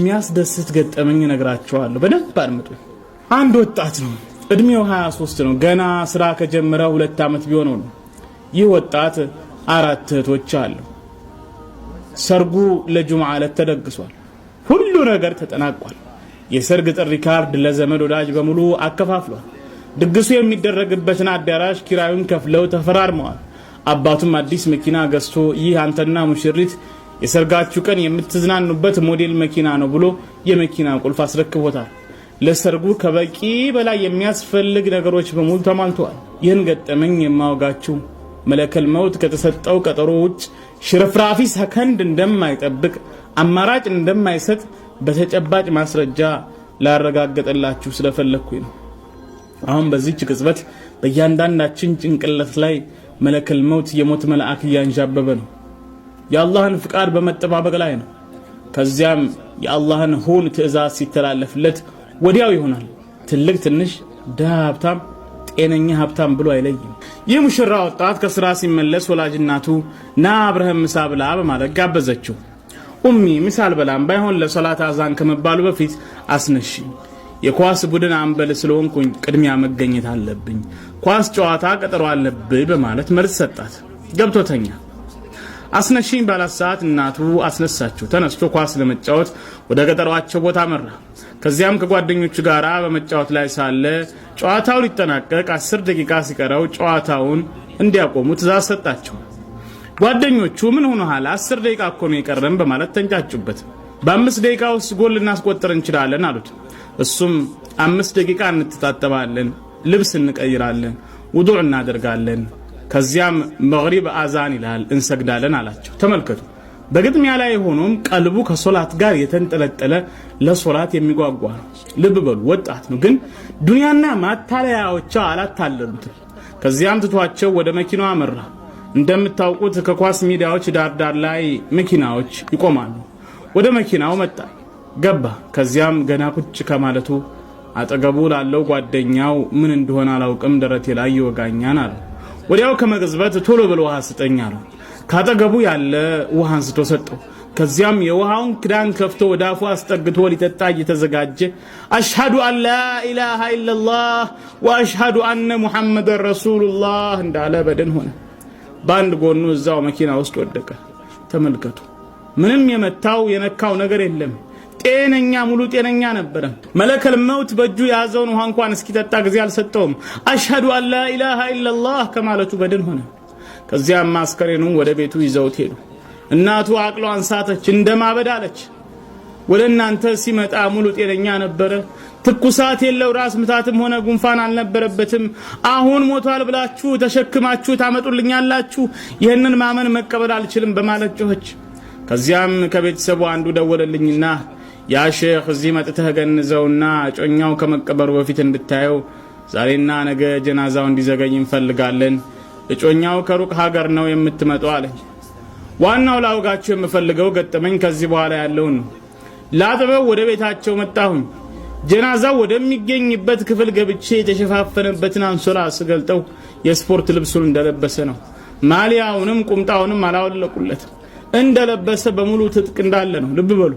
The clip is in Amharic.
የሚያስደስት ገጠመኝ ነግራቸዋለሁ። በደንብ አድምጡ። አንድ ወጣት ነው፣ እድሜው 23 ነው። ገና ስራ ከጀመረ ሁለት ዓመት ቢሆነው ነው። ይህ ወጣት አራት እህቶች አለው። ሰርጉ ለጁምዓ ዕለት ተደግሷል። ሁሉ ነገር ተጠናቋል። የሰርግ ጥሪ ካርድ ለዘመድ ወዳጅ በሙሉ አከፋፍሏል። ድግሱ የሚደረግበትን አዳራሽ ኪራዩን ከፍለው ተፈራርመዋል። አባቱም አዲስ መኪና ገዝቶ ይህ አንተና ሙሽሪት የሰርጋችሁ ቀን የምትዝናኑበት ሞዴል መኪና ነው ብሎ የመኪና ቁልፍ አስረክቦታል። ለሰርጉ ከበቂ በላይ የሚያስፈልግ ነገሮች በሙሉ ተሟልተዋል። ይህን ገጠመኝ የማወጋችሁ መለከል መውት ከተሰጠው ቀጠሮ ውጭ ሽርፍራፊ ሰከንድ እንደማይጠብቅ አማራጭ እንደማይሰጥ በተጨባጭ ማስረጃ ላረጋገጠላችሁ ስለፈለግኩኝ ነው። አሁን በዚህች ቅጽበት በእያንዳንዳችን ጭንቅላት ላይ መለከል መውት የሞት መልአክ እያንዣበበ ነው። የአላህን ፍቃድ በመጠባበቅ ላይ ነው። ከዚያም የአላህን ሁን ትእዛዝ ሲተላለፍለት ወዲያው ይሆናል። ትልቅ ትንሽ፣ ድሃ ሀብታም፣ ጤነኛ ሀብታም ብሎ አይለይም። ይህ ሙሽራ ወጣት ከስራ ሲመለስ ወላጅናቱ ና አብረህም ምሳ ብላ በማለት ጋበዘችው። ኡሚ ምሳል በላም ባይሆን ለሰላት አዛን ከመባሉ በፊት አስነሺ የኳስ ቡድን አንበል ስለሆንኩኝ ቅድሚያ መገኘት አለብኝ። ኳስ ጨዋታ ቀጠሮ አለብ በማለት መልስ ሰጣት። ገብቶተኛ አስነሽኝ ባላት ሰዓት እናቱ አስነሳችው። ተነስቶ ኳስ ለመጫወት ወደ ገጠሯቸው ቦታ መራ። ከዚያም ከጓደኞቹ ጋር በመጫወት ላይ ሳለ ጨዋታው ሊጠናቀቅ አስር ደቂቃ ሲቀረው ጨዋታውን እንዲያቆሙ ትእዛዝ ሰጣቸው። ጓደኞቹ ምን ሆነሃል? አስር ደቂቃ እኮ ነው የቀረን በማለት ተንጫጩበት። በአምስት ደቂቃ ውስጥ ጎል ልናስቆጥር እንችላለን አሉት። እሱም አምስት ደቂቃ እንትታጠባለን፣ ልብስ እንቀይራለን፣ ውዱዕ እናደርጋለን ከዚያም መግሪብ አዛን ይላል እንሰግዳለን አላቸው። ተመልከቱ። በግጥሚያ ላይ ሆኖም ቀልቡ ከሶላት ጋር የተንጠለጠለ ለሶላት የሚጓጓ ነው። ልብ በሉ፣ ወጣት ነው፣ ግን ዱንያና ማታለያዎቿ አላታለሉትም። ከዚያም ትቷቸው ወደ መኪናው አመራ። እንደምታውቁት ከኳስ ሜዳዎች ዳርዳር ላይ መኪናዎች ይቆማሉ። ወደ መኪናው መጣ፣ ገባ። ከዚያም ገና ቁጭ ከማለቱ አጠገቡ ላለው ጓደኛው ምን እንደሆነ አላውቅም፣ ደረቴ ላይ ይወጋኛን አለው። ወዲያው ከመቅዝበት ቶሎ ብሎ ውሃ ስጠኝ አለው። ካጠገቡ ያለ ውሃ አንስቶ ሰጠው። ከዚያም የውሃውን ክዳን ከፍቶ ወደ አፉ አስጠግቶ ሊጠጣ እየተዘጋጀ አሽሃዱ አን ላኢላሃ ኢለላህ ወአሽሃዱ አነ ሙሐመደን ረሱሉላህ እንዳለ በድን ሆነ። በአንድ ጎኑ እዛው መኪና ውስጥ ወደቀ። ተመልከቱ፣ ምንም የመታው የነካው ነገር የለም። ጤነኛ ሙሉ ጤነኛ ነበረ። መለከል መውት በእጁ የያዘውን ውሃ እንኳን እስኪጠጣ ጊዜ አልሰጠውም። አሽሀዱ አን ላ ኢለላህ ከማለቱ በድን ሆነ። ከዚያም አስከሬኑን ወደ ቤቱ ይዘውት ሄዱ። እናቱ አቅሎ አንሳተች፣ እንደማበድ አለች። ወደ እናንተ ሲመጣ ሙሉ ጤነኛ ነበረ። ትኩሳት የለው፣ ራስ ምታትም ሆነ ጉንፋን አልነበረበትም። አሁን ሞቷል ብላችሁ ተሸክማችሁ ታመጡልኛላችሁ? ይህንን ማመን መቀበል አልችልም በማለት ጮኸች። ከዚያም ከቤተሰቡ አንዱ ደወለልኝና ያ ሼኽ እዚህ መጥተህ ገንዘውና እጮኛው ከመቀበሩ በፊት እንድታየው ዛሬና ነገ ጀናዛው እንዲዘገይ እንፈልጋለን። እጮኛው ከሩቅ ሀገር ነው የምትመጡ አለኝ። ዋናው ላውጋቸው የምፈልገው ገጠመኝ ከዚህ በኋላ ያለውን ነው። ላጥበው ወደ ቤታቸው መጣሁኝ። ጀናዛው ወደሚገኝበት ክፍል ገብቼ የተሸፋፈነበትን አንሶላ ስገልጠው የስፖርት ልብሱን እንደለበሰ ነው። ማሊያውንም ቁምጣውንም አላወለቁለትም። እንደለበሰ በሙሉ ትጥቅ እንዳለ ነው። ልብ በሉ።